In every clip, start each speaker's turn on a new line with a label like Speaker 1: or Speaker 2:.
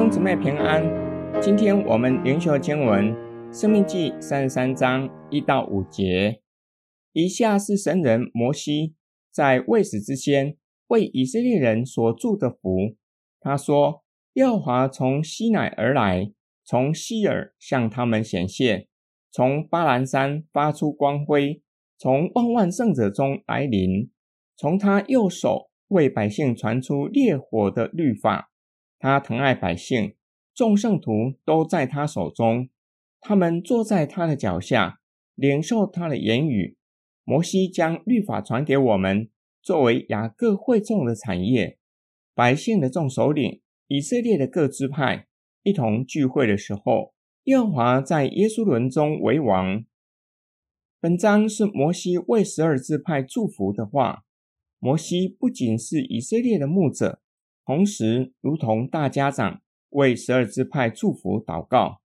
Speaker 1: 兄姊妹平安，今天我們靈修經文《申命記》三十三章一到五節。以下是神人摩西在未死之先為以色列人所祝的福。他說：耶和華從西乃而來，從西珥向他們顯現，從巴蘭山發出光輝，從萬萬聖者中來臨，從他右手為百姓傳出烈火的律法。他疼愛百姓，眾聖徒都在他手中，他們坐在他的腳下，領受他的言語。摩西將律法傳給我們，作為雅各會眾的產業。百姓的眾首領，以色列的各支派，一同聚會的時候，耶和華在耶書崙中為王。本章是摩西為十二支派祝福的話。摩西不僅是以色列的牧者。同時，如同大家長為十二支派祝福禱告。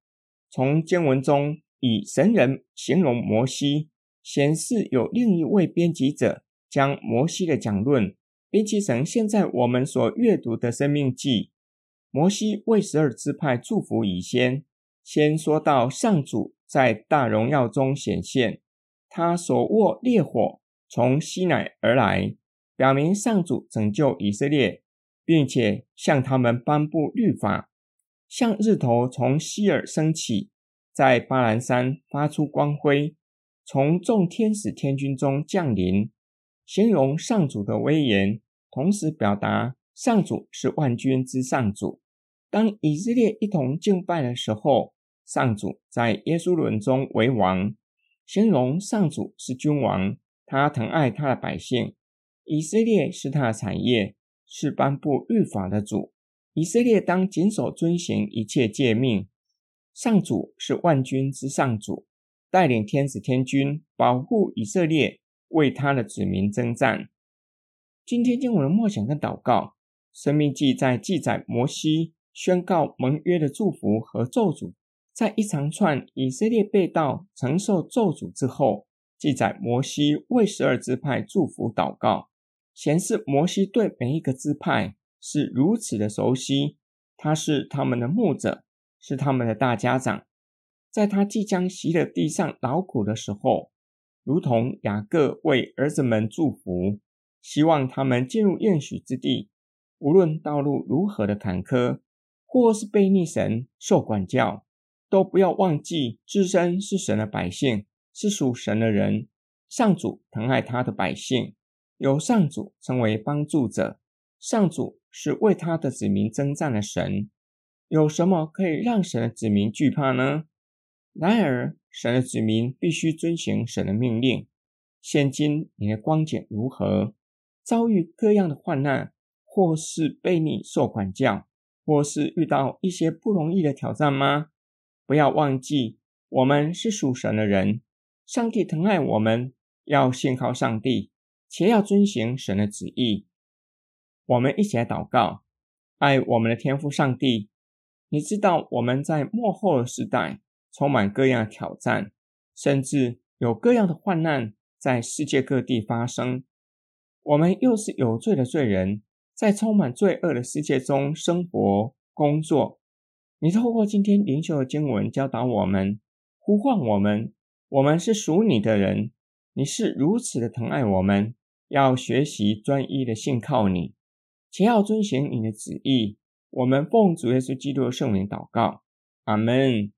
Speaker 1: 從經文中以神人形容摩西，顯示有另一位編輯者將摩西的講論編輯成現在我們所閱讀的《申命記》。摩西為十二支派祝福以先，先說到上主在大榮耀中顯現，他手握烈火從西乃而來，表明上主拯救以色列。並且向他們頒布律法，像日頭從西珥升起，在巴蘭山發出光輝，從眾天使天軍中降臨，形容上主的威嚴，同時表達上主是萬軍之上主。當以色列一同敬拜的時候，上主在耶書崙中為王，形容上主是君王，他疼愛他的百姓，以色列是他的產業。是頒布律法的主，以色列當謹守遵行一切誡命。上主是萬軍之上主，帶領天使天軍保護以色列，為他的子民爭戰。今天，經文的默想跟禱告，申命記在記、記載摩西宣告盟約的祝福和咒詛，在一長串以色列背道承受咒詛之後，記載摩西為十二支派祝福禱告。顯示摩西對每一個支派是如此的熟悉，他是他們的牧者，是他們的大家長。在他即將息了地上勞苦的時候，如同雅各為兒子們祝福，希望他們進入應許之地，無論道路如何的坎坷，或是背逆神受管教，都不要忘記自身是神的百姓，是屬神的人，上主疼愛他的百姓。由上主成為幫助者，上主是為他的子民征戰的神。有什麼可以讓神的子民懼怕呢？然而，神的子民必須遵循神的命令。現今你的光景如何？遭遇各樣的患難，或是被你受管教，或是遇到一些不容易的挑戰嗎？不要忘記，我們是屬神的人，上帝疼愛我們，要信靠上帝。且要遵行神的旨意。我們一起來禱告，愛我們的天父上帝，你知道我們在末後的世代，充滿各樣的挑戰，甚至有各樣的患難在世界各地發生。我們又是有罪的罪人，在充滿罪惡的世界中生活工作。你透過今天靈修的經文教導我們，呼喚我們，我們是屬你的人，你是如此的疼愛我們。要學習專一的信靠你，且要遵行你的旨意。我們奉主耶穌基督的聖名禱告，阿門。